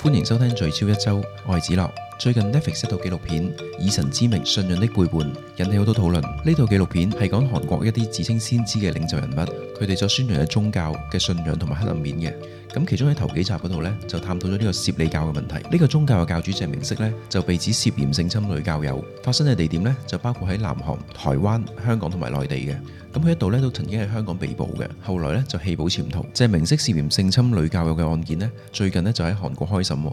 歡迎收聽《聚焦一周》，我係子樂。最近 Netflix 出套紀錄片《以神之名：信仰的背叛》，引起好多討論。呢套紀錄片係講韓國一啲自稱先知嘅領袖人物，佢哋所宣揚嘅宗教嘅信仰同埋黑暗面嘅。咁其中喺頭幾集嗰度呢，就探討咗呢個攝理教嘅問題。呢、這個宗教嘅教主鄭明析呢，就被指涉嫌性侵女教友。發生嘅地點呢，就包括喺南韓、台灣、香港同埋內地嘅。咁佢一度呢，都曾經喺香港被捕嘅，後來呢，就棄保潛逃。鄭明析涉嫌性侵女教友嘅案件呢，最近呢，就喺韓國開審。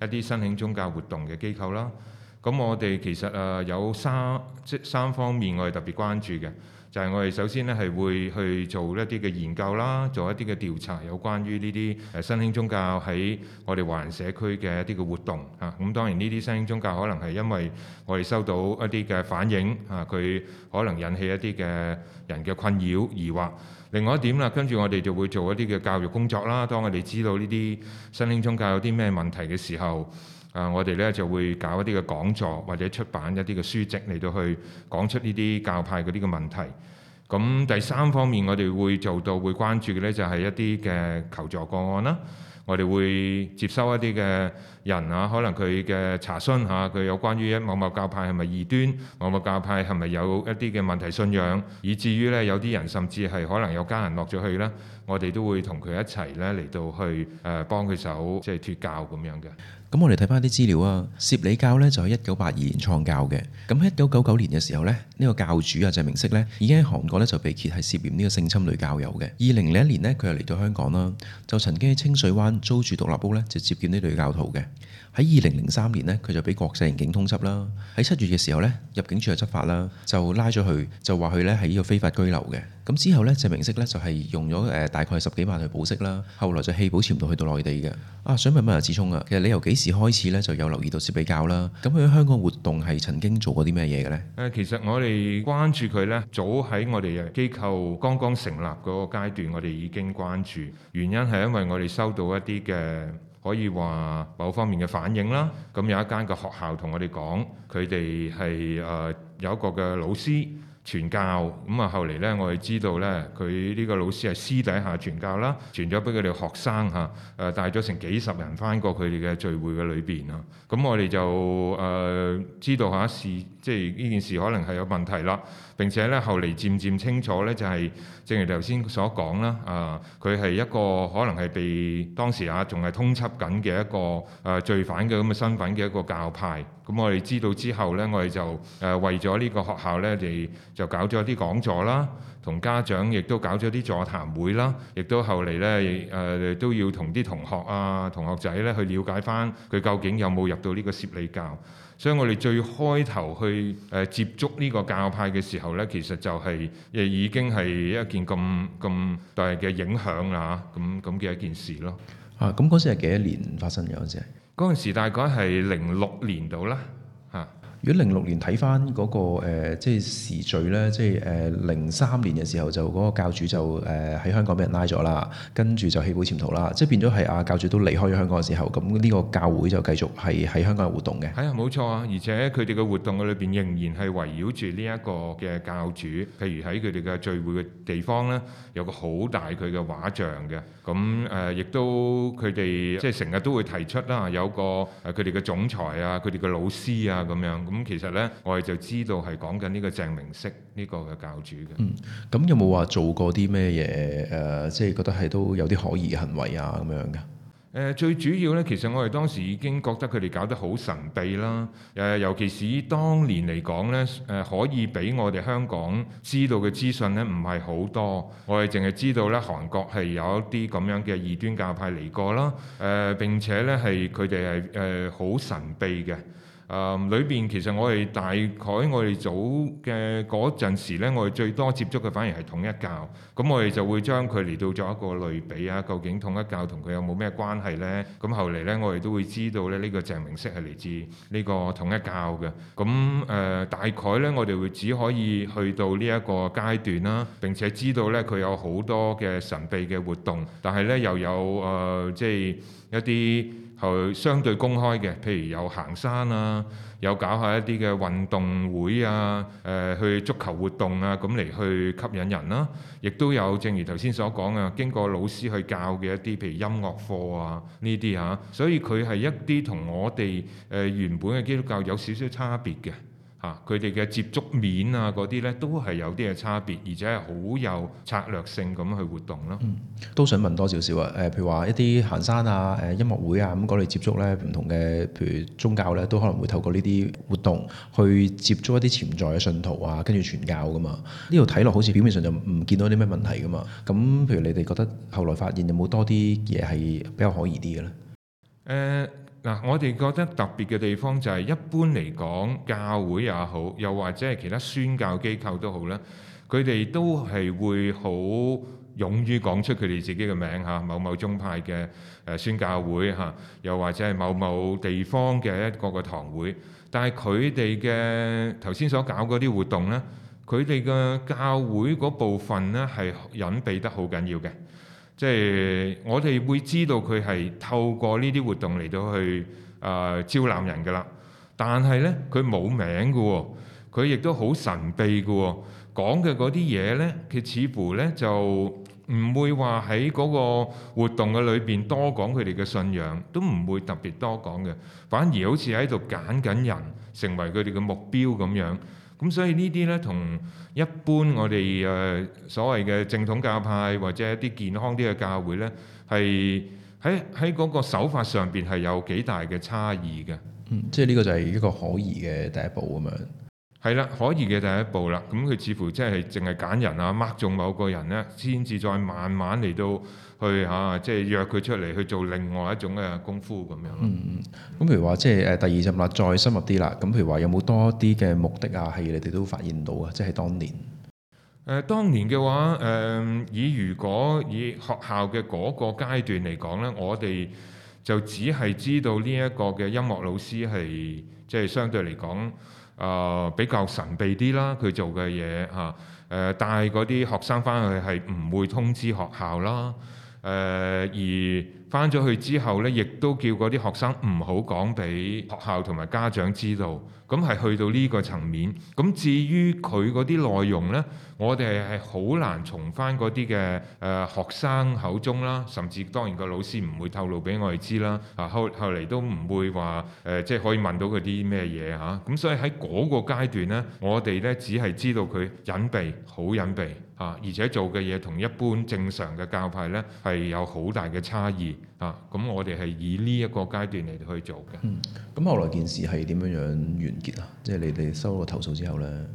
一啲申請宗教活動嘅機構啦，咁我哋其實誒、啊、有三即三方面我係特別關注嘅。但係我哋首先咧，係會去做一啲嘅研究啦，做一啲嘅調查，有關於呢啲誒新興宗教喺我哋華人社區嘅一啲嘅活動嚇。咁、啊嗯、當然呢啲新興宗教可能係因為我哋收到一啲嘅反應嚇，佢、啊、可能引起一啲嘅人嘅困擾疑惑。另外一點啦，跟住我哋就會做一啲嘅教育工作啦、啊。當我哋知道呢啲新興宗教有啲咩問題嘅時候。啊！我哋咧就會搞一啲嘅講座，或者出版一啲嘅書籍嚟到去講出呢啲教派嗰啲嘅問題。咁第三方面，我哋會做到會關注嘅咧就係、是、一啲嘅求助個案啦。我哋會接收一啲嘅人啊，可能佢嘅查詢下，佢、啊、有關於某，某某教派係咪異端，某某教派係咪有一啲嘅問題信仰，以至於咧有啲人甚至係可能有家人落咗去啦。我哋都會同佢一齊咧嚟到去誒幫佢手，即係脫教咁樣嘅。咁我哋睇翻啲資料啊，攝理教呢就喺一九八二年創教嘅。咁喺一九九九年嘅時候呢，呢個教主啊鄭明析呢已經喺韓國呢就被揭係涉嫌呢個性侵女教友嘅。二零零一年呢，佢又嚟到香港啦，就曾經喺清水灣租住獨立屋呢，就接見呢女教徒嘅。喺二零零三年咧，佢就俾國際刑警通緝啦。喺七月嘅時候咧，入境處就執法啦，就拉咗佢，就話佢咧係依個非法居留嘅。咁之後咧鄭明析咧就係用咗誒大概十幾萬去保釋啦。後來就棄保潛逃去到內地嘅。啊，想問問阿子聰啊，其實你由幾時開始咧就有留意到攝理教啦？咁佢喺香港活動係曾經做過啲咩嘢嘅咧？誒，其實我哋關注佢咧，早喺我哋機構剛剛成立嗰個階段，我哋已經關注。原因係因為我哋收到一啲嘅。可以話某方面嘅反應啦，咁有一間嘅學校同我哋講，佢哋係誒有一個嘅老師傳教，咁、嗯、啊後嚟呢，我哋知道呢，佢呢個老師係私底下傳教啦，傳咗俾佢哋學生嚇，誒、呃、帶咗成幾十人翻過佢哋嘅聚會嘅裏邊啊，咁、嗯、我哋就誒、呃、知道下。是。即係呢件事可能係有問題啦，並且呢，後嚟漸漸清楚呢，就係、是、正如頭先所講啦，啊，佢係一個可能係被當時啊仲係通緝緊嘅一個啊、呃、罪犯嘅咁嘅身份嘅一個教派。咁、嗯、我哋知道之後呢，我哋就誒、呃、為咗呢個學校呢，就就搞咗啲講座啦。同家長亦都搞咗啲座談會啦，亦都後嚟呢，誒、呃、都要同啲同學啊、同學仔呢去了解翻佢究竟有冇入到呢個攝理教，所以我哋最開頭去誒、呃、接觸呢個教派嘅時候呢，其實就係、是、亦已經係一件咁咁大嘅影響啦嚇，咁咁嘅一件事咯。啊，咁嗰時係幾多年發生嘅嗰時？嗰陣時大概係零六年到啦。如果零六年睇翻嗰個誒、呃，即時序咧，即誒零三年嘅時候就嗰個教主就誒喺、呃、香港俾人拉咗啦，跟住就棄保潛逃啦，即變咗係啊教主都離開咗香港嘅時候，咁呢個教會就繼續係喺香港有活動嘅。係啊、哎，冇錯啊，而且佢哋嘅活動嘅裏邊仍然係圍繞住呢一個嘅教主，譬如喺佢哋嘅聚會嘅地方咧，有個好大佢嘅畫像嘅，咁誒亦都佢哋即成日都會提出啦、啊，有個誒佢哋嘅總裁啊，佢哋嘅老師啊咁樣。咁其實呢，我哋就知道係講緊呢個鄭明析呢、這個嘅教主嘅。咁、嗯、有冇話做過啲咩嘢？誒、呃，即係覺得係都有啲可疑嘅行為啊咁樣嘅、呃。最主要呢，其實我哋當時已經覺得佢哋搞得好神秘啦。誒、呃，尤其是以當年嚟講呢，誒、呃、可以俾我哋香港知道嘅資訊呢唔係好多。我哋淨係知道呢，韓國係有一啲咁樣嘅異端教派嚟過啦。誒、呃，並且呢係佢哋係誒好神秘嘅。誒裏邊其實我哋大概我哋早嘅嗰陣時呢，我哋最多接觸嘅反而係統一教，咁我哋就會將佢嚟到咗一個類比啊。究竟統一教同佢有冇咩關係呢？咁後嚟呢，我哋都會知道咧，呢、這個鄭明析係嚟自呢個統一教嘅。咁誒、呃、大概呢，我哋會只可以去到呢一個階段啦。並且知道呢，佢有好多嘅神秘嘅活動，但係呢，又有誒、呃，即係一啲。去相對公開嘅，譬如有行山啊，有搞下一啲嘅運動會啊，誒、呃、去足球活動啊，咁嚟去吸引人啦、啊。亦都有正如頭先所講啊，經過老師去教嘅一啲，譬如音樂課啊呢啲嚇，所以佢係一啲同我哋誒、呃、原本嘅基督教有少少差別嘅。啊，佢哋嘅接觸面啊，嗰啲咧都係有啲嘅差別，而且係好有策略性咁去活動咯。嗯，都想問多少少啊？譬如話一啲行山啊、誒、呃、音樂會啊咁嗰類接觸咧，唔同嘅譬如宗教咧，都可能會透過呢啲活動去接觸一啲潛在嘅信徒啊，跟住傳教噶嘛。呢度睇落好似表面上就唔見到啲咩問題噶嘛。咁譬如你哋覺得後來發現有冇多啲嘢係比較可疑啲嘅咧？誒、呃。嗱，我哋覺得特別嘅地方就係一般嚟講，教會也好，又或者係其他宣教機構都好啦，佢哋都係會好勇於講出佢哋自己嘅名嚇，某某宗派嘅誒宣教會嚇，又或者係某某地方嘅一個個堂會，但係佢哋嘅頭先所搞嗰啲活動咧，佢哋嘅教會嗰部分咧係隱蔽得好緊要嘅。即係、就是、我哋會知道佢係透過呢啲活動嚟到去啊、呃、招攬人㗎啦，但係呢，佢冇名㗎喎、哦，佢亦都好神秘㗎喎、哦，講嘅嗰啲嘢呢，佢似乎呢就唔會話喺嗰個活動嘅裏邊多講佢哋嘅信仰，都唔會特別多講嘅，反而好似喺度揀緊人成為佢哋嘅目標咁樣。咁所以呢啲咧，同一般我哋誒、呃、所謂嘅正統教派或者一啲健康啲嘅教會咧，係喺喺嗰個手法上邊係有幾大嘅差異嘅。嗯，即係呢個就係一個可疑嘅第一步咁樣。係啦，可以嘅第一步啦。咁佢似乎即係淨係揀人啊，揀中某個人咧，先至再慢慢嚟到去啊，即係約佢出嚟去做另外一種嘅功夫咁樣咯。嗯嗯。咁譬如話，即係誒第二集啦，再深入啲啦。咁譬如話，有冇多啲嘅目的啊？係你哋都發現到啊？即係當年。誒，當年嘅話，誒以如果以學校嘅嗰個階段嚟講咧，我哋就只係知道呢一個嘅音樂老師係即係相對嚟講。啊、呃，比較神秘啲啦，佢做嘅嘢嚇，誒帶嗰啲學生翻去，係唔會通知學校啦，誒、啊、而。返咗去之後呢，亦都叫嗰啲學生唔好講俾學校同埋家長知道，咁係去到呢個層面。咁至於佢嗰啲內容呢，我哋係好難從翻嗰啲嘅誒學生口中啦，甚至當然個老師唔會透露俾我哋知啦。啊，後後嚟都唔會話誒、呃，即係可以問到佢啲咩嘢吓。咁、啊、所以喺嗰個階段呢，我哋呢，只係知道佢隱蔽，好隱蔽，啊！而且做嘅嘢同一般正常嘅教派呢，係有好大嘅差異啊！咁我哋係以呢一個階段嚟去做嘅。嗯。咁後來件事係點樣樣完結啊？即係你哋收咗投訴之後呢？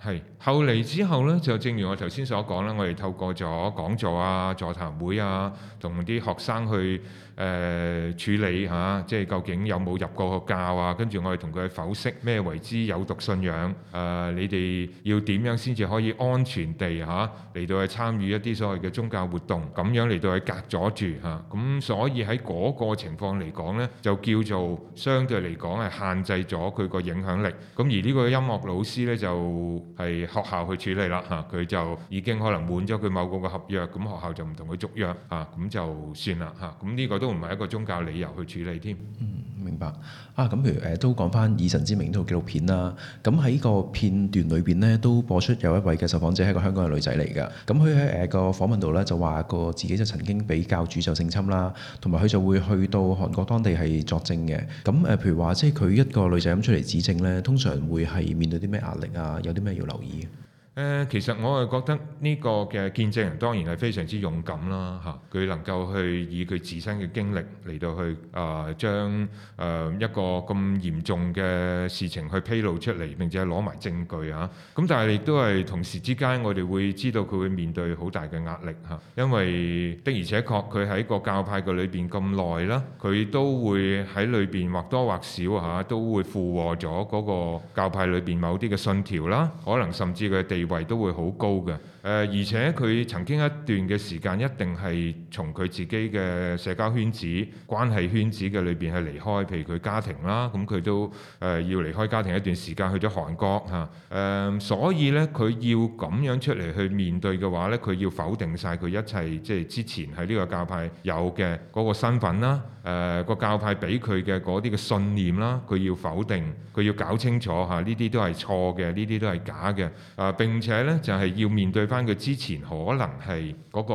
係，後嚟之後呢，就正如我頭先所講啦，我哋透過咗講座啊、座談會啊，同啲學生去。誒、呃、處理嚇、啊，即係究竟有冇入過個教啊？跟住我哋同佢剖析咩為之有毒信仰？誒、啊，你哋要點樣先至可以安全地嚇嚟、啊、到去參與一啲所謂嘅宗教活動？咁樣嚟到去隔阻住嚇，咁、啊嗯、所以喺嗰個情況嚟講呢，就叫做相對嚟講係限制咗佢個影響力。咁、啊、而呢個音樂老師呢，就係、是、學校去處理啦嚇，佢、啊、就已經可能滿咗佢某個嘅合約，咁、嗯、學校就唔同佢續約嚇，咁、啊嗯、就算啦嚇。咁、啊、呢、嗯這個。都唔係一個宗教理由去處理添。嗯，明白啊。咁譬如誒、呃、都講翻《以神之名》套紀錄片啦。咁喺個片段裏邊呢，都播出有一位嘅受訪者係一個香港嘅女仔嚟㗎。咁佢喺誒個訪問度呢，就話個自己就曾經被教主受性侵啦，同埋佢就會去到韓國當地係作證嘅。咁誒，譬如話即係佢一個女仔咁出嚟指證呢，通常會係面對啲咩壓力啊？有啲咩要留意？誒、呃，其實我係覺得呢個嘅見證人當然係非常之勇敢啦，嚇！佢能夠去以佢自身嘅經歷嚟到去啊，將、呃、誒、呃、一個咁嚴重嘅事情去披露出嚟，並且攞埋證據嚇。咁但係亦都係同時之間，我哋會知道佢會面對好大嘅壓力嚇，因為的而且確佢喺個教派嘅裏邊咁耐啦，佢都會喺裏邊或多或少嚇都會附和咗嗰個教派裏邊某啲嘅信條啦，可能甚至佢哋。地位都會好高嘅，誒、呃，而且佢曾經一段嘅時間一定係從佢自己嘅社交圈子、關係圈子嘅裏邊係離開，譬如佢家庭啦，咁、嗯、佢都誒、呃、要離開家庭一段時間去咗韓國吓。誒、呃，所以咧佢要咁樣出嚟去面對嘅話咧，佢要否定晒佢一切，即、就、係、是、之前喺呢個教派，有嘅嗰個身份啦，誒、呃，個教派俾佢嘅嗰啲嘅信念啦，佢要否定，佢要搞清楚吓呢啲都係錯嘅，呢啲都係假嘅，啊、呃、並。並且咧就係要面對返佢之前可能係嗰、那個、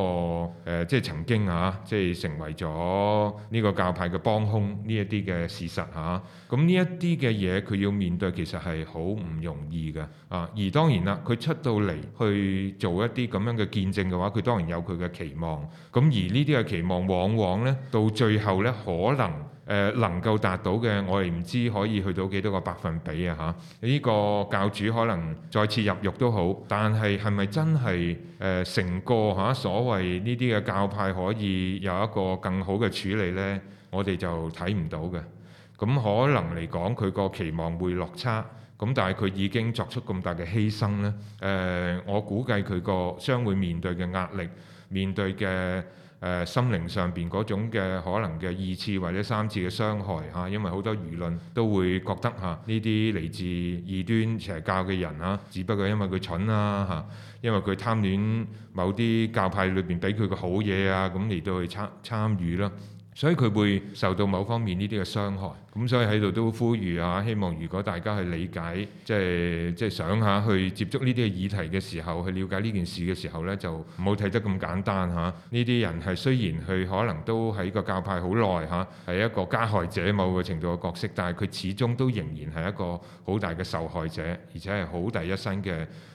呃、即係曾經嚇、啊，即係成為咗呢個教派嘅幫兇呢一啲嘅事實嚇。啊。咁呢一啲嘅嘢，佢要面對其實係好唔容易嘅啊！而當然啦，佢出到嚟去做一啲咁樣嘅見證嘅話，佢當然有佢嘅期望。咁、啊、而呢啲嘅期望，往往呢，到最後呢，可能誒、呃、能夠達到嘅，我哋唔知可以去到幾多個百分比啊！嚇，呢個教主可能再次入獄都好，但係係咪真係誒、呃、成個嚇、啊、所謂呢啲嘅教派可以有一個更好嘅處理呢？我哋就睇唔到嘅。咁可能嚟講，佢個期望會落差。咁但係佢已經作出咁大嘅犧牲呢。誒、呃，我估計佢個將會面對嘅壓力，面對嘅誒、呃、心靈上邊嗰種嘅可能嘅二次或者三次嘅傷害嚇、啊。因為好多輿論都會覺得嚇呢啲嚟自異端邪教嘅人啦、啊，只不過因為佢蠢啦嚇、啊，因為佢貪戀某啲教派裏邊俾佢嘅好嘢啊，咁嚟到去參參與啦，所以佢會受到某方面呢啲嘅傷害。咁所以喺度都呼籲啊，希望如果大家去理解，即係即係想下去接觸呢啲嘅議題嘅時候，去了解呢件事嘅時候咧，就唔好睇得咁簡單吓。呢啲人係雖然佢可能都喺個教派好耐吓，係一個加害者某個程度嘅角色，但係佢始終都仍然係一個好大嘅受害者，而且係好大一身嘅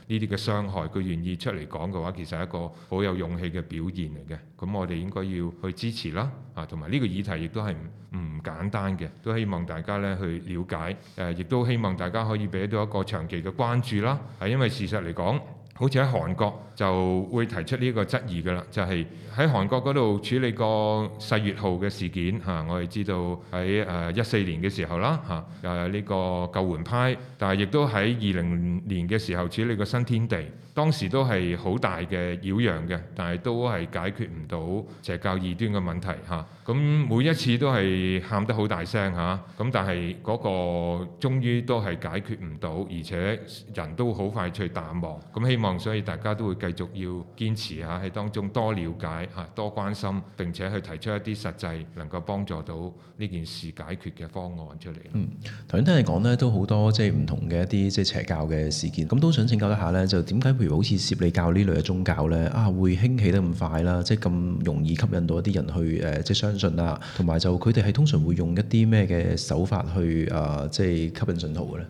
呢啲嘅傷害。佢願意出嚟講嘅話，其實係一個好有勇氣嘅表現嚟嘅。咁我哋應該要去支持啦，啊，同埋呢個議題亦都係唔簡單嘅，都係。希望大家咧去了解，誒、呃、亦都希望大家可以俾到一個長期嘅關注啦。係因為事實嚟講，好似喺韓國就會提出呢個質疑噶啦，就係、是、喺韓國嗰度處理個世越號嘅事件吓、啊，我哋知道喺誒一四年嘅時候啦嚇，誒、啊、呢、這個救援派，但係亦都喺二零年嘅時候處理個新天地。當時都係好大嘅擾攘嘅，但係都係解決唔到邪教異端嘅問題嚇。咁、啊、每一次都係喊得好大聲嚇，咁、啊、但係嗰個終於都係解決唔到，而且人都好快脆淡忘。咁、啊、希望所以大家都會繼續要堅持嚇，喺、啊、當中多了解嚇、啊、多關心，並且去提出一啲實際能夠幫助到呢件事解決嘅方案出嚟。嗯，頭先聽你講咧，都好多即係唔同嘅一啲即係邪教嘅事件，咁都想請教一下呢，就點解會？譬如好似攝理教呢類嘅宗教咧，啊會興起得咁快啦，即係咁容易吸引到一啲人去誒、呃，即係相信啦、啊，同埋就佢哋係通常會用一啲咩嘅手法去啊、呃，即係吸引信徒嘅咧？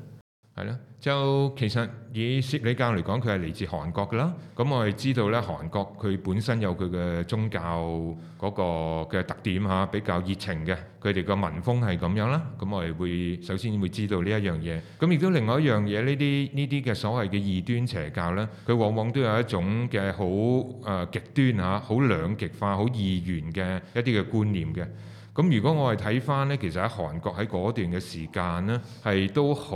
係咯，就其實以攝理教嚟講，佢係嚟自韓國噶啦。咁我係知道咧，韓國佢本身有佢嘅宗教嗰個嘅特點嚇、啊，比較熱情嘅。佢哋個文風係咁樣啦、啊。咁我係會首先會知道呢一樣嘢。咁亦都另外一樣嘢，呢啲呢啲嘅所謂嘅異端邪教咧，佢往往都有一種嘅好誒極端嚇、啊，好兩極化、好二元嘅一啲嘅觀念嘅。咁如果我係睇翻呢，其實喺韓國喺嗰段嘅時間呢，係都好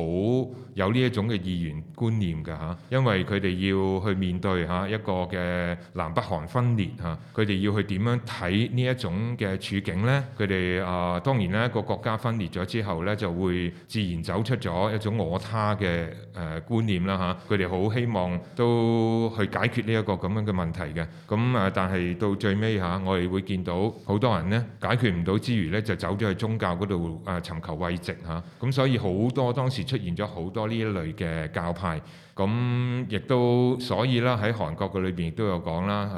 有呢一種嘅二元觀念嘅吓，因為佢哋要去面對嚇一個嘅南北韓分裂吓，佢哋要去點樣睇呢一種嘅處境咧？佢哋啊當然啦一個國家分裂咗之後咧，就會自然走出咗一種我他嘅誒、呃、觀念啦吓，佢哋好希望都去解決呢一個咁樣嘅問題嘅。咁、嗯、啊，但係到最尾吓，我哋會見到好多人呢解決唔到。之餘咧，就走咗去宗教嗰度啊，尋求慰藉嚇。咁所以好多當時出現咗好多呢一類嘅教派。咁亦都所以啦，喺韓國嘅裏邊亦都有講啦。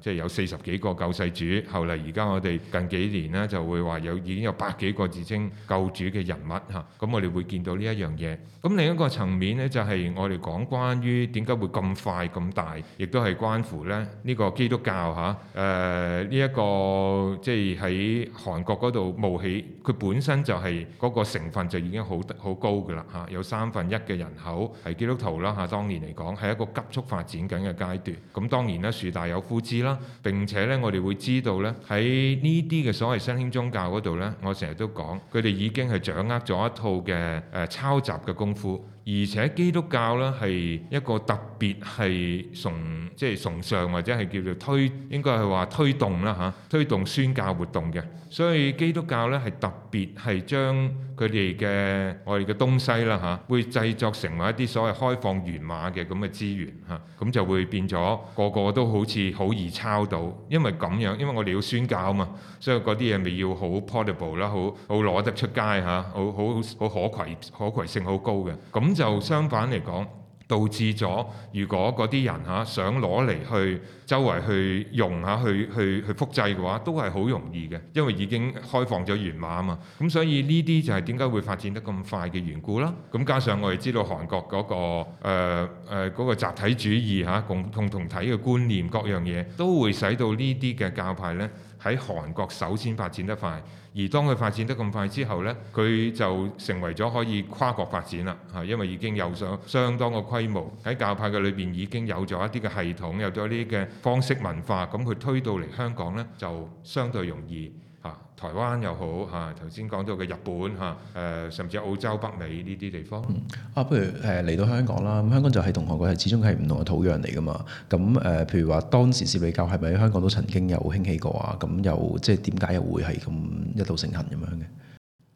誒，即係有四十幾個救世主。後嚟而家我哋近幾年咧，就會話有已經有百幾個自稱救主嘅人物嚇。咁我哋會見到呢一樣嘢。咁另一個層面咧，就係我哋講關於點解會咁快咁大，亦都係關乎咧呢個基督教嚇。誒，呢一個即係喺韓國。嗰度冒起，佢本身就係、是、嗰、那個成分就已經好好高嘅啦嚇，有三分一嘅人口係基督徒啦嚇、啊，當年嚟講係一個急速發展緊嘅階段。咁當然啦，樹大有枯枝啦。並且咧，我哋會知道咧，喺呢啲嘅所謂新興宗教嗰度咧，我成日都講，佢哋已經係掌握咗一套嘅誒、呃、抄襲嘅功夫。而且基督教咧係一個特別係崇、即係、就是、崇尚或者係叫做推，應該係話推動啦吓、啊、推動宣教活動嘅，所以基督教咧係特別係將佢哋嘅我哋嘅東西啦吓、啊、會製作成為一啲所謂開放源碼嘅咁嘅資源吓，咁、啊、就會變咗個，個個都好似好易抄到，因為咁樣，因為我哋要宣教啊嘛，所以嗰啲嘢咪要 port able, 好 portable 啦，好好攞得出街吓、啊，好好好，好可携可携性好高嘅，咁。就相反嚟講，導致咗如果嗰啲人嚇、啊、想攞嚟去周圍去用下、啊、去去去複製嘅話，都係好容易嘅，因為已經開放咗源碼啊嘛。咁所以呢啲就係點解會發展得咁快嘅緣故啦。咁加上我哋知道韓國嗰、嗰個誒誒嗰個集體主義嚇共、啊、共同體嘅觀念，各樣嘢都會使到呢啲嘅教派咧。喺韓國首先發展得快，而當佢發展得咁快之後咧，佢就成為咗可以跨國發展啦，嚇！因為已經有咗相當嘅規模，喺教派嘅裏邊已經有咗一啲嘅系統，有咗一啲嘅方式文化，咁佢推到嚟香港咧就相對容易。台灣又好嚇，頭先講到嘅日本嚇，誒、啊、甚至澳洲、北美呢啲地方，嗯、啊，不如誒嚟、呃、到香港啦。咁香港就係同韓國係，始終係唔同嘅土壤嚟噶嘛。咁誒、呃，譬如話當時攝理教係咪喺香港都曾經有興起過啊？咁又即係點解又會係咁一度盛行咁樣嘅？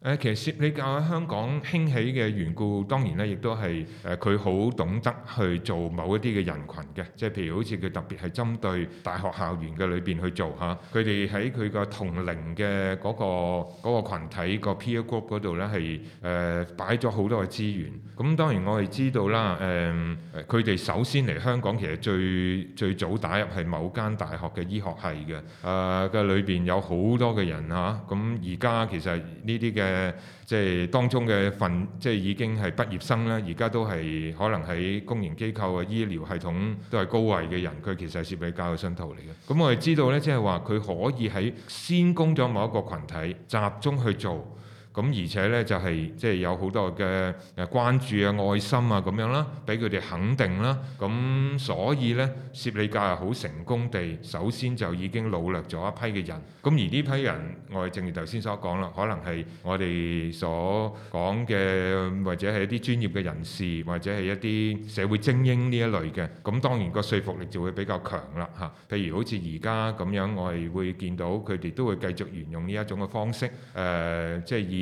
誒、呃、其實攝理教喺香港興起嘅緣故，當然呢，亦都係誒佢好懂得去做某一啲嘅人群嘅，即係譬如好似佢特別係針對大學校園嘅裏邊去做嚇，佢哋喺佢個同齡嘅嗰個群體、嗰個羣體個 peer group 嗰度呢，係誒擺咗好多嘅資源。咁、嗯、當然我哋知道啦，誒佢哋首先嚟香港其實最最早打入係某間大學嘅醫學系嘅，誒嘅裏邊有好多嘅人嚇。咁而家其實呢啲嘅嘅即係當中嘅份，即係已經係畢業生啦。而家都係可能喺公營機構嘅醫療系統都係高位嘅人，佢其實係攝理教嘅信徒嚟嘅。咁我哋知道呢，即係話佢可以喺先攻咗某一個群體集中去做。咁而且咧就係即係有好多嘅誒關注啊、愛心啊咁樣啦，俾佢哋肯定啦。咁所以咧，攝理教係好成功地，首先就已經累積咗一批嘅人。咁而呢批人，我哋正如頭先所講啦，可能係我哋所講嘅，或者係一啲專業嘅人士，或者係一啲社會精英呢一類嘅。咁當然個說服力就會比較強啦嚇。譬如好似而家咁樣，我哋會見到佢哋都會繼續沿用呢一種嘅方式，誒，即係以。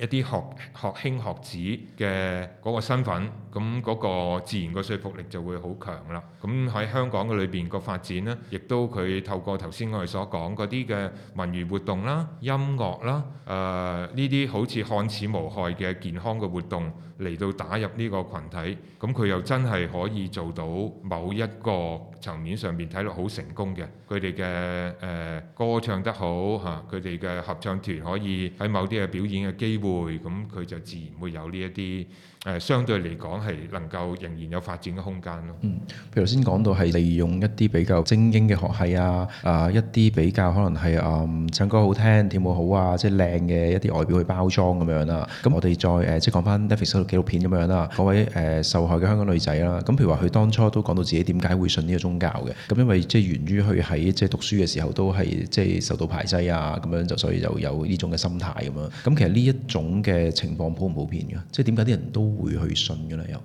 一啲學學兄學子嘅嗰個身份，咁嗰個自然個說服力就會好強啦。咁喺香港嘅裏邊個發展咧，亦都佢透過頭先我哋所講嗰啲嘅文娛活動啦、音樂啦、誒呢啲好似看似無害嘅健康嘅活動嚟到打入呢個群體，咁佢又真係可以做到某一個層面上面睇落好成功嘅。佢哋嘅誒歌唱得好吓，佢哋嘅合唱團可以喺某啲嘅表演嘅機會。會，咁佢就自然會有呢一啲。誒相對嚟講係能夠仍然有發展嘅空間咯。嗯、譬如頭先講到係利用一啲比較精英嘅學系啊，啊一啲比較可能係誒、嗯、唱歌好聽、跳舞好啊，即係靚嘅一啲外表去包裝咁樣啦、啊。咁我哋再誒、呃、即係講翻 Netflix 嗰套紀錄片咁樣啦、啊，嗰位誒、呃、受害嘅香港女仔啦、啊。咁譬如話佢當初都講到自己點解會信呢個宗教嘅，咁因為即係源於佢喺即係讀書嘅時候都係即係受到排擠啊，咁樣就所以就有呢種嘅心態咁樣、啊。咁其實呢一種嘅情況普唔普遍嘅，即係點解啲人都都會去信嘅啦，又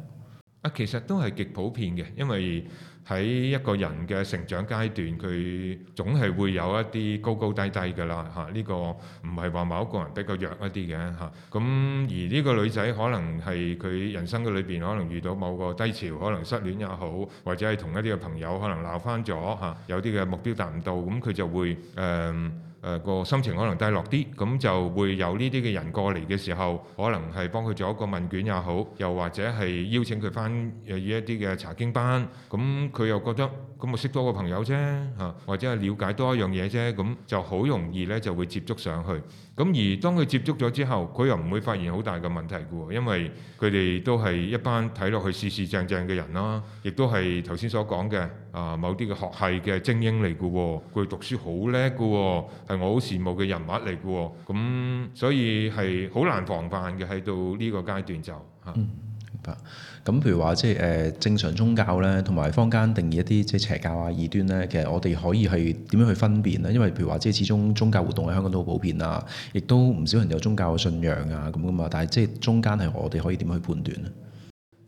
其實都係極普遍嘅，因為喺一個人嘅成長階段，佢總係會有一啲高高低低嘅啦嚇。呢、這個唔係話某一個人比較弱一啲嘅嚇。咁、啊、而呢個女仔可能係佢人生嘅裏邊，可能遇到某個低潮，可能失戀也好，或者係同一啲嘅朋友可能鬧翻咗嚇，有啲嘅目標達唔到，咁、嗯、佢就會誒。呃誒個、呃、心情可能低落啲，咁就會有呢啲嘅人過嚟嘅時候，可能係幫佢做一個問卷也好，又或者係邀請佢返誒一啲嘅查經班，咁佢又覺得咁我識多個朋友啫，嚇、啊，或者係了解多一樣嘢啫，咁就好容易呢就會接觸上去。咁而當佢接觸咗之後，佢又唔會發現好大嘅問題㗎喎，因為佢哋都係一班睇落去四四正正嘅人啦，亦都係頭先所講嘅啊某啲嘅學系嘅精英嚟㗎喎，佢讀書好叻㗎喎，係我好羨慕嘅人物嚟㗎喎，咁、嗯、所以係好難防範嘅喺到呢個階段就嚇。啊嗯咁譬如話，即係誒正常宗教咧，同埋坊間定義一啲即係邪教啊、異端咧，其實我哋可以係點樣去分辨咧？因為譬如話，即係始終宗教活動喺香港都好普遍啊，亦都唔少人有宗教嘅信仰啊咁噶嘛。但係即係中間係我哋可以點樣去判斷咧？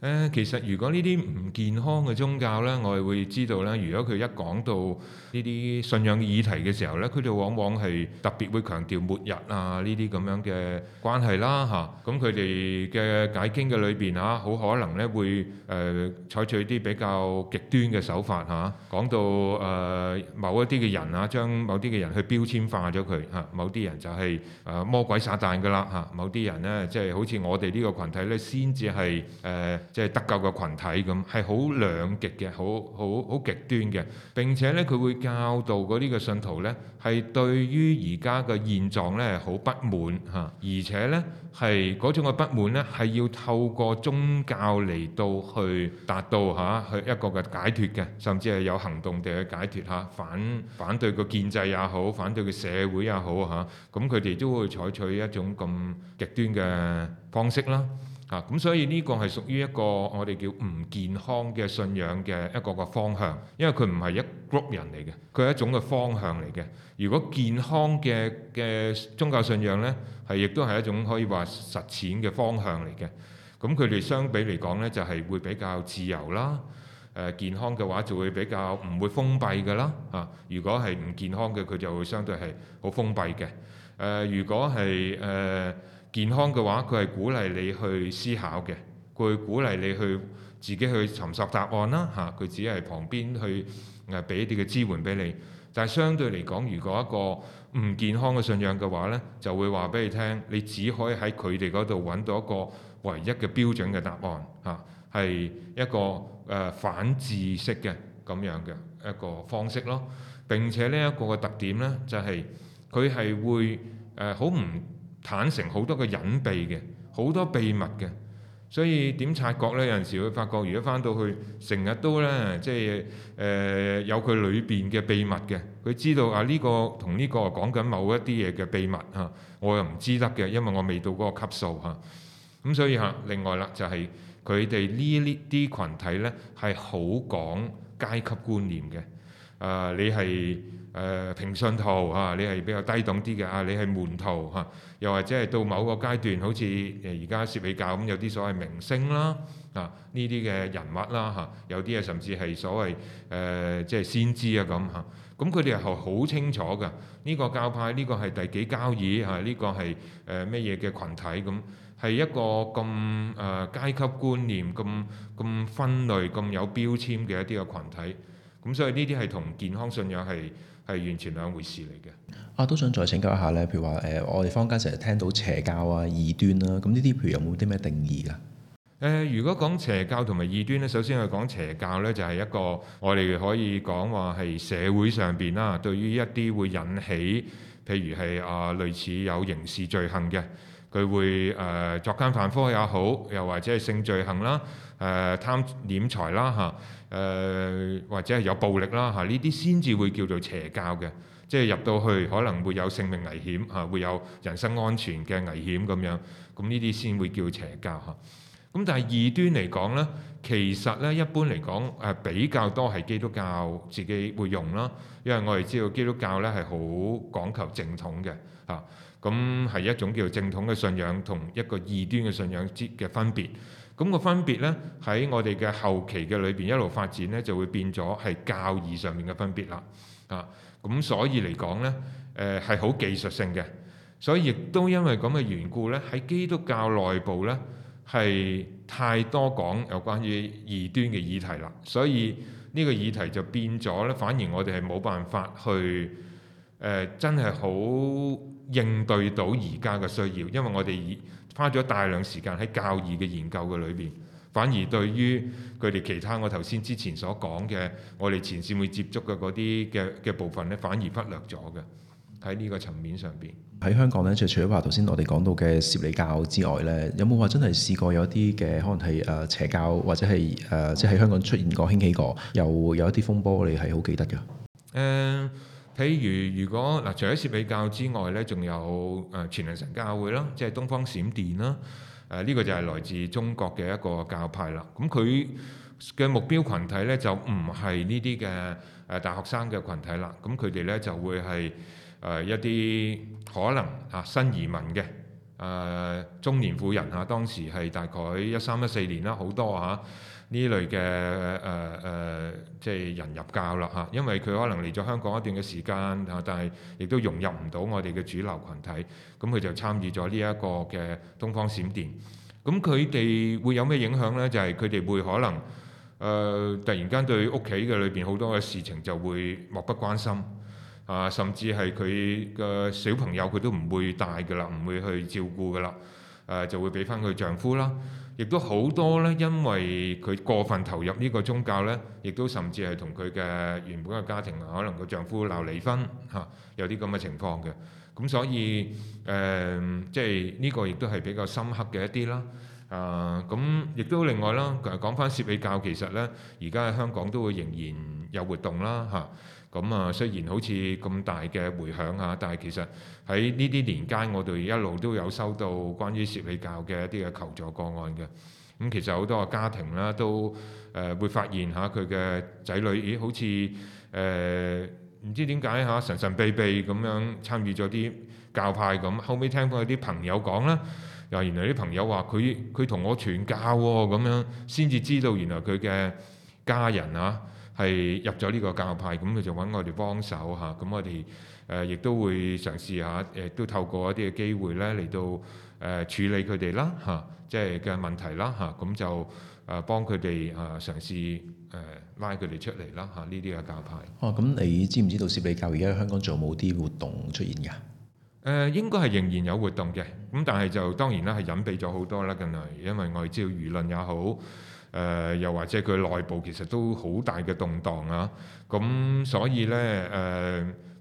誒，其實如果呢啲唔健康嘅宗教呢，我哋會知道呢。如果佢一講到呢啲信仰嘅議題嘅時候呢，佢就往往係特別會強調末日啊呢啲咁樣嘅關係啦嚇。咁佢哋嘅解經嘅裏邊嚇，好可能呢會誒、呃、採取啲比較極端嘅手法嚇、啊。講到誒、呃、某一啲嘅人啊，將某啲嘅人去標籤化咗佢嚇。某啲人就係、是、誒、啊、魔鬼撒旦噶啦嚇。某啲人呢，即、就、係、是、好似我哋呢個群體呢，先至係誒。啊即係得救嘅群體咁，係好兩極嘅，好好好極端嘅。並且咧，佢會教導嗰啲嘅信徒咧，係對於而家嘅現狀咧好不滿嚇、啊，而且咧係嗰種嘅不滿咧係要透過宗教嚟到去達到吓、啊，去一個嘅解脫嘅，甚至係有行動地去解脫嚇、啊，反反對個建制也好，反對個社會也好吓，咁佢哋都會採取一種咁極端嘅方式啦。啊啊，咁所以呢個係屬於一個我哋叫唔健康嘅信仰嘅一個個方向，因為佢唔係一 group 人嚟嘅，佢係一種嘅方向嚟嘅。如果健康嘅嘅宗教信仰咧，係亦都係一種可以話實踐嘅方向嚟嘅。咁佢哋相比嚟講咧，就係、是、會比較自由啦。誒、呃，健康嘅話就會比較唔會封閉㗎啦。啊，如果係唔健康嘅，佢就會相對係好封閉嘅。誒、呃，如果係誒。呃健康嘅話，佢係鼓勵你去思考嘅，佢會鼓勵你去自己去尋索答案啦嚇。佢、啊、只係旁邊去誒俾一啲嘅支援俾你。但係相對嚟講，如果一個唔健康嘅信仰嘅話呢，就會話俾你聽，你只可以喺佢哋嗰度揾到一個唯一嘅標準嘅答案嚇，係、啊、一個誒、呃、反智式嘅咁樣嘅一個方式咯。並且呢一個嘅特點呢，就係佢係會誒好唔。呃坦誠好多嘅隱秘嘅，好多秘密嘅，所以點察覺呢？有陣時會發覺，如果翻到去成日都呢，即係誒、呃、有佢裏邊嘅秘密嘅，佢知道啊呢、呢個同呢個講緊某一啲嘢嘅秘密嚇、啊，我又唔知得嘅，因為我未到嗰個級數嚇。咁、啊、所以嚇、啊、另外啦，就係佢哋呢啲群體呢，係好講階級觀念嘅。啊，你係。誒、呃、平信徒嚇、啊，你係比較低等啲嘅嚇，你係門徒嚇、啊，又或者係到某個階段，好似誒而家攝理教咁，有啲所謂明星啦啊，呢啲嘅人物啦嚇、啊，有啲啊甚至係所謂誒即係先知啊咁嚇，咁佢哋係好清楚嘅，呢、這個教派呢、這個係第幾交椅嚇，呢、啊這個係誒咩嘢嘅群體咁，係、啊、一個咁誒、呃、階級觀念咁咁分類咁有標籤嘅一啲嘅群體，咁、啊啊啊啊啊、所以呢啲係同健康信仰係。係完全兩回事嚟嘅啊！都想再請教一下咧，譬如話誒、呃，我哋坊間成日聽到邪教啊、異端啦、啊，咁呢啲譬如有冇啲咩定義㗎、啊？誒、呃，如果講邪教同埋異端咧，首先係講邪教咧，就係一個我哋可以講話係社會上面啦、啊，對於一啲會引起譬如係啊類似有刑事罪行嘅，佢會誒、呃、作奸犯科也好，又或者係性罪行啦。誒、呃、貪斂財啦嚇，誒、呃、或者係有暴力啦嚇，呢啲先至會叫做邪教嘅，即係入到去可能會有性命危險嚇、啊，會有人身安全嘅危險咁樣，咁呢啲先會叫邪教嚇。咁、啊嗯、但係異端嚟講咧，其實咧一般嚟講誒比較多係基督教自己會用啦，因為我哋知道基督教咧係好講求正統嘅嚇。啊咁係一種叫正統嘅信仰，同一個異端嘅信仰之嘅分別。咁個分別呢，喺我哋嘅後期嘅裏邊一路發展呢，就會變咗係教義上面嘅分別啦。啊，咁所以嚟講呢，誒係好技術性嘅。所以亦都因為咁嘅緣故呢，喺基督教內部呢，係太多講有關於異端嘅議題啦。所以呢個議題就變咗呢，反而我哋係冇辦法去、呃、真係好。應對到而家嘅需要，因為我哋花咗大量時間喺教義嘅研究嘅裏邊，反而對於佢哋其他我頭先之前所講嘅，我哋前線會接觸嘅嗰啲嘅嘅部分咧，反而忽略咗嘅喺呢個層面上邊。喺香港咧，就除咗話頭先我哋講到嘅攝理教之外咧，有冇話真係試過有一啲嘅可能係誒、呃、邪教或者係誒即係喺香港出現過、興起過，又有一啲風波，你係好記得嘅？誒、呃。譬如如果嗱，除咗攝理教之外咧，仲有誒、呃、全能神教會啦，即係東方閃電啦，誒、呃、呢、這個就係來自中國嘅一個教派啦。咁佢嘅目標群體咧就唔係呢啲嘅誒大學生嘅群體啦。咁佢哋咧就會係誒、呃、一啲可能嚇新移民嘅誒、呃、中年婦人嚇、啊，當時係大概一三一四年啦，好多嚇。啊呢類嘅誒誒，即係人入教啦嚇，因為佢可能嚟咗香港一段嘅時間嚇，但係亦都融入唔到我哋嘅主流群體，咁佢就參與咗呢一個嘅東方閃電。咁佢哋會有咩影響呢？就係佢哋會可能誒、呃、突然間對屋企嘅裏邊好多嘅事情就會漠不關心啊，甚至係佢嘅小朋友佢都唔會帶㗎喇，唔會去照顧㗎喇，誒、啊、就會俾翻佢丈夫啦。亦都好多咧，因為佢過分投入呢個宗教咧，亦都甚至係同佢嘅原本嘅家庭可能個丈夫鬧離婚嚇、啊，有啲咁嘅情況嘅。咁、啊、所以誒、呃，即係呢、這個亦都係比較深刻嘅一啲啦。啊，咁、啊、亦都另外啦，講翻攝理教，其實咧而家喺香港都會仍然有活動啦嚇。啊。咁啊，雖然好似咁大嘅迴響啊，但係其實喺呢啲年間，我哋一路都有收到關於攝理教嘅一啲嘅求助個案嘅。咁、嗯、其實好多個家庭啦、啊，都誒、呃、會發現下佢嘅仔女，咦，好似誒唔知點解下神神秘秘咁樣參與咗啲教派咁。後尾聽翻啲朋友講啦，又原來啲朋友話佢佢同我傳教喎、啊，咁樣先至知道原來佢嘅家人啊。係入咗呢個教派，咁佢就揾我哋幫手嚇，咁我哋誒亦都會嘗試下，誒都透過一啲嘅機會咧嚟到誒處理佢哋啦嚇，即係嘅問題啦嚇，咁就誒幫佢哋誒嘗試誒拉佢哋出嚟啦嚇，呢啲嘅教派。哦、啊，咁你知唔知道攝理教而家喺香港仲冇啲活動出現㗎？誒、呃、應該係仍然有活動嘅，咁但係就當然啦，係隱蔽咗好多啦近嚟，因為外招輿論也好。誒、呃、又或者佢內部其實都好大嘅動盪啊，咁、啊、所以呢，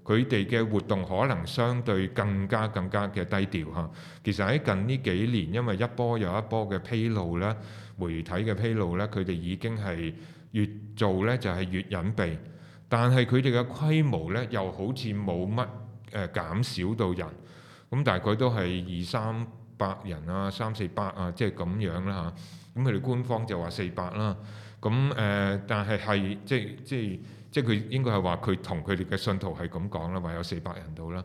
誒佢哋嘅活動可能相對更加更加嘅低調嚇、啊。其實喺近呢幾年，因為一波又一波嘅披露呢，媒體嘅披露呢，佢哋已經係越做呢就係、是、越隱蔽。但係佢哋嘅規模呢，又好似冇乜誒減少到人，咁大概都係二三百人啊，三四百啊，即係咁樣啦、啊、吓，咁佢哋官方就話四百啦。咁、嗯、誒、呃，但係係即係即係，即係，佢應該係話，佢同佢哋嘅信徒係咁講啦，話有四百人度啦。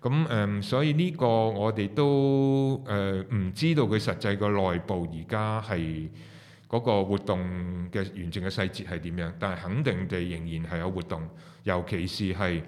咁、嗯、誒，所以呢個我哋都誒唔、呃、知道佢實際個內部而家係嗰個活動嘅完整嘅細節係點樣，但係肯定地仍然係有活動，尤其是係。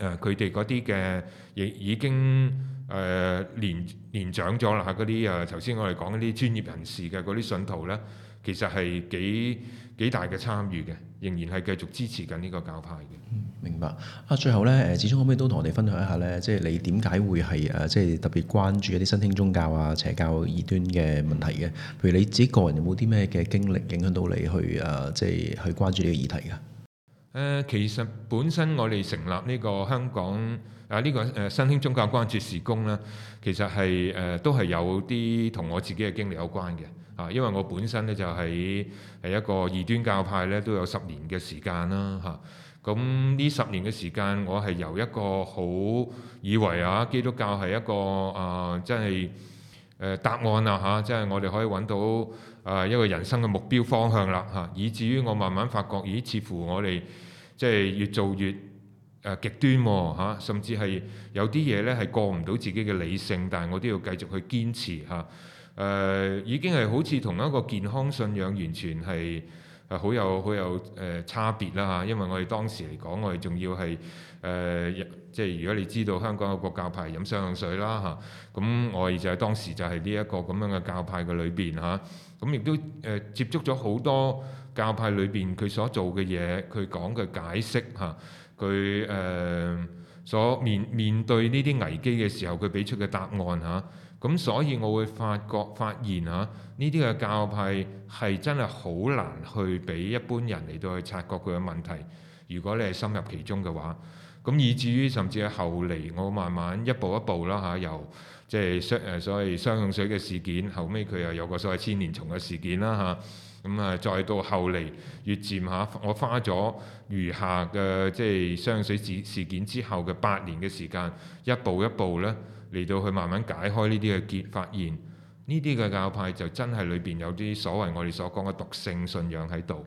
誒佢哋嗰啲嘅亦已經誒年年長咗啦，嗰啲誒頭先我哋講嗰啲專業人士嘅嗰啲信徒咧，其實係幾幾大嘅參與嘅，仍然係繼續支持緊呢個教派嘅。嗯，明白啊！最後咧誒，始終可唔可以都同我哋分享一下咧？即係你點解會係誒，即係特別關注一啲新興宗教啊、邪教異端嘅問題嘅？譬如你自己個人有冇啲咩嘅經歷影響到你去誒，即係去關注呢個議題嘅？誒、呃、其實本身我哋成立呢個香港啊呢、這個誒新興宗教關注事工咧，其實係誒、呃、都係有啲同我自己嘅經歷有關嘅嚇、啊，因為我本身咧就喺、是、係一個異端教派咧都有十年嘅時間啦嚇，咁、啊、呢十年嘅時間我係由一個好以為啊基督教係一個啊即係。誒答案啊嚇，即係我哋可以揾到啊、呃、一個人生嘅目標方向啦嚇、啊，以至於我慢慢發覺，咦似乎我哋即係越做越誒極、呃、端喎、啊、嚇，甚至係有啲嘢呢係過唔到自己嘅理性，但係我都要繼續去堅持嚇。誒、啊呃、已經係好似同一個健康信仰完全係係好有好有誒、呃、差別啦嚇，因為我哋當時嚟講，我哋仲要係誒。即係如果你知道香港有個教派飲雙氧水啦嚇，咁、啊、我哋就係、是、當時就係呢一個咁樣嘅教派嘅裏邊嚇，咁、啊、亦都誒、呃、接觸咗好多教派裏邊佢所做嘅嘢，佢講嘅解釋嚇，佢、啊、誒、呃、所面面對呢啲危機嘅時候，佢俾出嘅答案嚇，咁、啊啊、所以我會發覺發現嚇呢啲嘅教派係真係好難去俾一般人嚟到去察覺佢嘅問題，如果你係深入其中嘅話。咁以至於甚至係後嚟，我慢慢一步一步啦嚇、啊，由即係雙所謂雙氧水嘅事件，後尾佢又有個所謂千年蟲嘅事件啦吓，咁啊、嗯，再到後嚟越漸下，我花咗餘下嘅即係雙氧水事事件之後嘅八年嘅時間，一步一步咧嚟到去慢慢解開呢啲嘅結，發現呢啲嘅教派就真係裏邊有啲所謂我哋所講嘅毒性信仰喺度。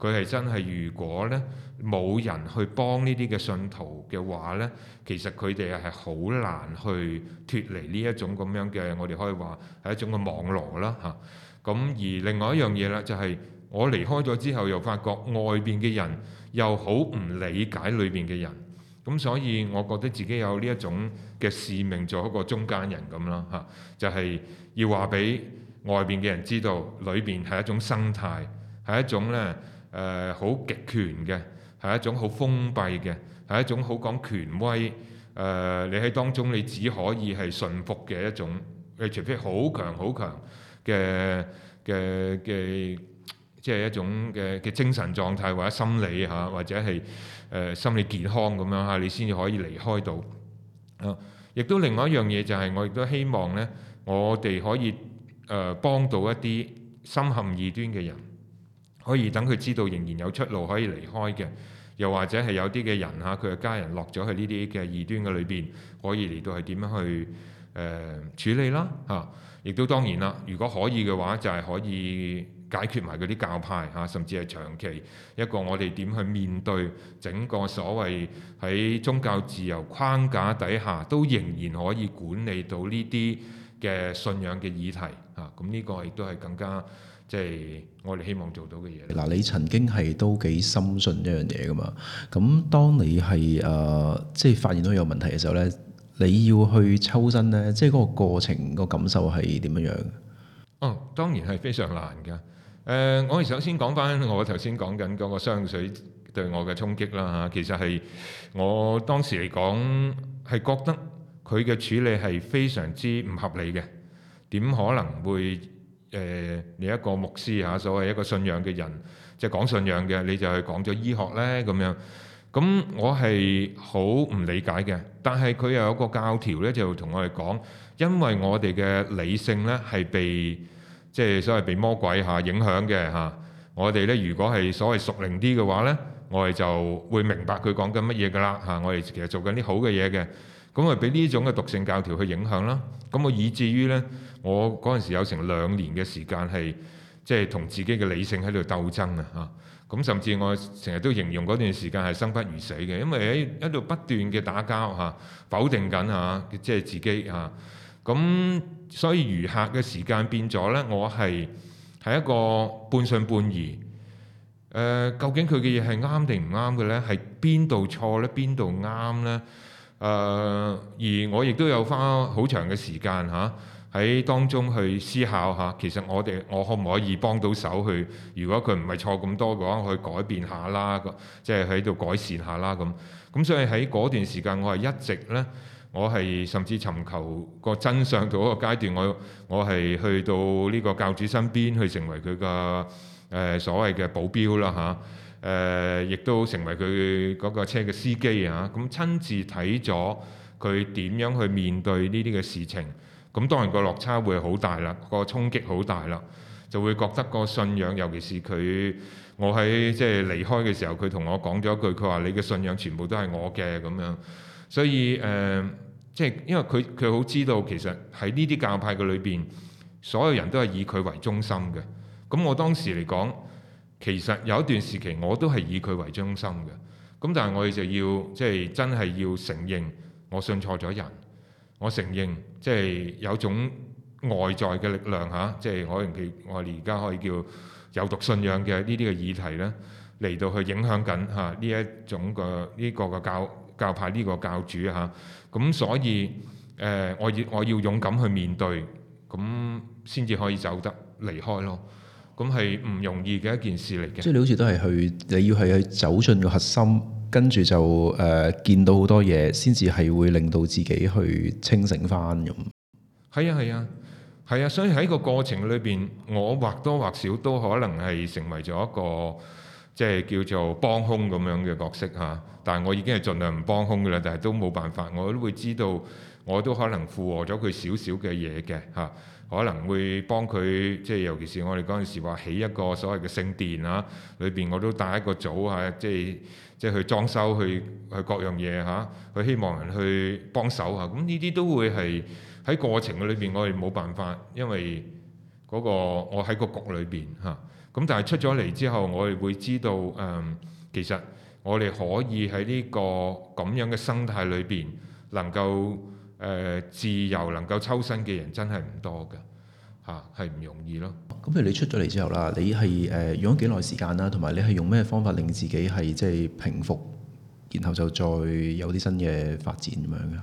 佢係真係，如果呢冇人去幫呢啲嘅信徒嘅話呢，其實佢哋係好難去脫離呢一種咁樣嘅，我哋可以話係一種嘅網絡啦嚇。咁而另外一樣嘢啦，就係我離開咗之後，又發覺外邊嘅人又好唔理解裏邊嘅人，咁所以我覺得自己有呢一種嘅使命，做一個中間人咁啦嚇，就係要話俾外邊嘅人知道，裏邊係一種生態，係一種呢。誒好、呃、極權嘅，係一種好封閉嘅，係一種好講權威誒、呃，你喺當中你只可以係信服嘅一種，你除非好強好強嘅嘅嘅，即係一種嘅嘅精神狀態或者心理嚇，或者係誒、呃、心理健康咁樣嚇，你先至可以離開到。亦、啊、都另外一樣嘢就係、是、我亦都希望呢，我哋可以誒、呃、幫到一啲深陷異端嘅人。可以等佢知道仍然有出路可以離開嘅，又或者係有啲嘅人吓，佢嘅家人落咗去呢啲嘅異端嘅裏邊可以嚟到係點樣去誒、呃、處理啦吓，亦、啊、都當然啦，如果可以嘅話，就係、是、可以解決埋嗰啲教派吓、啊，甚至係長期一個我哋點去面對整個所謂喺宗教自由框架底下都仍然可以管理到呢啲嘅信仰嘅議題嚇。咁、啊、呢、嗯這個亦都係更加。.即係我哋希望做到嘅嘢。嗱，你曾經係都幾深信一樣嘢噶嘛？咁當你係誒、呃，即係發現到有問題嘅時候呢，你要去抽身呢？即係嗰個過程個感受係點樣樣？哦，當然係非常難嘅。誒、呃，我哋首先講翻我頭先講緊嗰個香水對我嘅衝擊啦嚇。其實係我當時嚟講係覺得佢嘅處理係非常之唔合理嘅。點可能會？誒、呃、你一個牧師嚇，所謂一個信仰嘅人，即係講信仰嘅，你就係講咗醫學咧咁樣。咁我係好唔理解嘅，但係佢又有一個教條咧，就同我哋講，因為我哋嘅理性咧係被即係所謂被魔鬼嚇影響嘅嚇，我哋咧如果係所謂熟靈啲嘅話咧，我哋就會明白佢講緊乜嘢噶啦嚇，我哋其實做緊啲好嘅嘢嘅。咁啊，俾呢種嘅毒性教條去影響啦，咁我以至於咧，我嗰陣時有成兩年嘅時間係，即係同自己嘅理性喺度鬥爭啊！嚇，咁甚至我成日都形容嗰段時間係生不如死嘅，因為喺喺度不斷嘅打交嚇、啊，否定緊嚇、啊，即係自己嚇，咁、啊、所以餘下嘅時間變咗咧，我係係一個半信半疑，誒、呃，究竟佢嘅嘢係啱定唔啱嘅咧？係邊度錯咧？邊度啱咧？誒、呃、而我亦都有花好長嘅時間嚇，喺當中去思考下，其實我哋我可唔可以幫到手去，如果佢唔係錯咁多嘅話，我去改變下啦，即係喺度改善下啦咁。咁、啊啊、所以喺嗰段時間，我係一直呢，我係甚至尋求個真相到一個階段，我我係去到呢個教主身邊去成為佢嘅誒所謂嘅保鏢啦嚇。啊。誒，亦、呃、都成為佢嗰個車嘅司機啊！咁、嗯、親自睇咗佢點樣去面對呢啲嘅事情，咁、嗯、當然個落差會好大啦，個衝擊好大啦，就會覺得個信仰，尤其是佢，我喺即係離開嘅時候，佢同我講咗一句，佢話你嘅信仰全部都係我嘅咁樣。所以誒、呃，即係因為佢佢好知道，其實喺呢啲教派嘅裏邊，所有人都係以佢為中心嘅。咁、嗯、我當時嚟講。其實有一段時期我都係以佢為中心嘅，咁但係我哋就要即係、就是、真係要承認我信錯咗人，我承認即係有種外在嘅力量嚇，即係可能佢我哋而家可以叫有毒信仰嘅呢啲嘅議題咧嚟到去影響緊嚇呢一種嘅呢個嘅、這個、教教派呢個教主嚇，咁、啊、所以誒、呃，我要我要勇敢去面對，咁先至可以走得離開咯。咁係唔容易嘅一件事嚟嘅，即係你好似都係去，你要係去走進個核心，跟住就誒見到好多嘢，先至係會令到自己去清醒返咁。係啊，係啊，係啊，所以喺個過程裏邊，我或多或少都可能係成為咗一個即係叫做幫兇咁樣嘅角色吓，但係我已經係盡量唔幫兇㗎喇，但係都冇辦法，我都會知道。我都可能附和咗佢少少嘅嘢嘅嚇，可能會幫佢，即係尤其是我哋嗰陣時話起一個所謂嘅聖殿啊，裏邊我都帶一個組啊，即係即係去裝修、去去各樣嘢嚇、啊，去希望人去幫手嚇。咁呢啲都會係喺過程嘅裏邊，我哋冇辦法，因為嗰、那個我喺個局裏邊嚇。咁、啊、但係出咗嚟之後，我哋會知道誒、嗯，其實我哋可以喺呢、這個咁樣嘅生態裏邊能夠。誒、呃、自由能夠抽身嘅人真係唔多㗎，吓係唔容易咯。咁譬如你出咗嚟之後啦，你係誒、呃、用咗幾耐時間啦，同埋你係用咩方法令自己係即係平復，然後就再有啲新嘅發展咁樣嘅？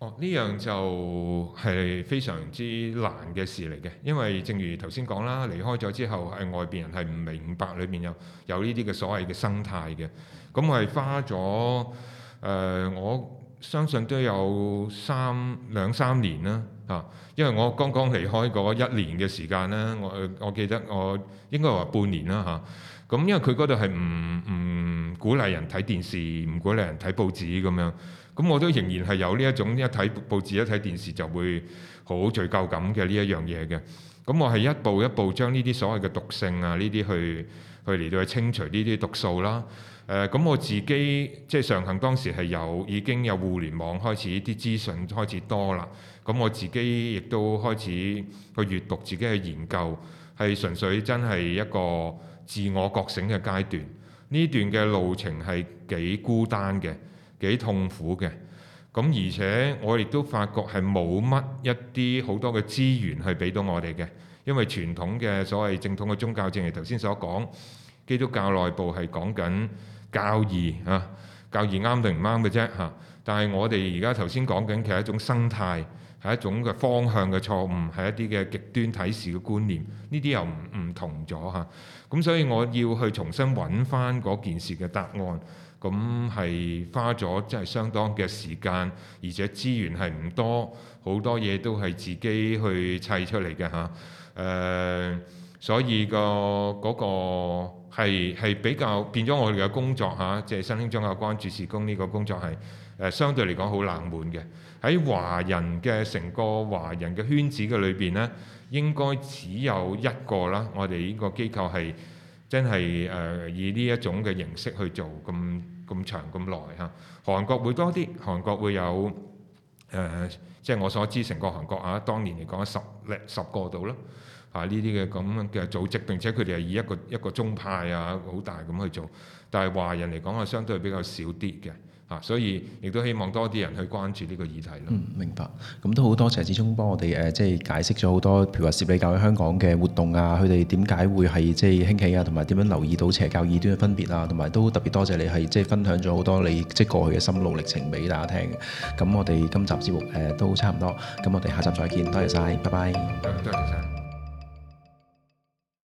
哦，呢樣就係非常之難嘅事嚟嘅，因為正如頭先講啦，離開咗之後係外邊人係唔明白裏邊有有呢啲嘅所謂嘅生態嘅。咁我係花咗誒、呃、我。相信都有三兩三年啦，嚇、啊！因為我剛剛離開嗰一年嘅時間啦，我我記得我應該話半年啦，嚇、啊！咁、啊、因為佢嗰度係唔唔鼓勵人睇電視，唔鼓勵人睇報紙咁樣，咁、啊嗯、我都仍然係有呢一種一睇報紙、一睇電視就會好罪疚感嘅呢一樣嘢嘅。咁、啊嗯、我係一步一步將呢啲所謂嘅毒性啊，呢啲去去嚟到去清除呢啲毒素啦。啊。誒咁、呃、我自己即係上行當時係有已經有互聯網開始啲資訊開始多啦，咁我自己亦都開始去閲讀自己去研究，係純粹真係一個自我覺醒嘅階段。呢段嘅路程係幾孤單嘅，幾痛苦嘅。咁而且我亦都發覺係冇乜一啲好多嘅資源去俾到我哋嘅，因為傳統嘅所謂正統嘅宗教正如頭先所講。基督教內部係講緊教義啊，教義啱定唔啱嘅啫嚇。但係我哋而家頭先講緊其實一種生態，係一種嘅方向嘅錯誤，係一啲嘅極端睇事嘅觀念。呢啲又唔唔同咗嚇。咁所以我要去重新揾翻嗰件事嘅答案。咁係花咗即係相當嘅時間，而且資源係唔多，好多嘢都係自己去砌出嚟嘅嚇。誒、呃，所以個嗰、嗰個。係係比較變咗我哋嘅工作吓、啊，即係新興宗教關注事工呢個工作係誒、呃、相對嚟講好冷門嘅。喺華人嘅成個華人嘅圈子嘅裏邊呢，應該只有一個啦。我哋呢個機構係真係誒、呃、以呢一種嘅形式去做咁咁長咁耐嚇。韓國會多啲，韓國會有誒、呃，即係我所知成個韓國啊，當年嚟講十十個度啦。啊！呢啲嘅咁樣嘅組織，並且佢哋係以一個一個宗派啊，好大咁去做。但係華人嚟講，係相對比較少啲嘅嚇，所以亦都希望多啲人去關注呢個議題咯，嗯。明白。咁都好多謝子聰幫我哋誒，即係解釋咗好多，譬如話攝理教喺香港嘅活動啊，佢哋點解會係即係興起啊，同埋點樣留意到邪教異端嘅分別啊，同埋都特別多謝你係即係分享咗好多你即係過去嘅心路歷程俾大家聽嘅。咁我哋今集節目誒都差唔多，咁我哋下集再見。多謝晒，拜拜。多謝曬。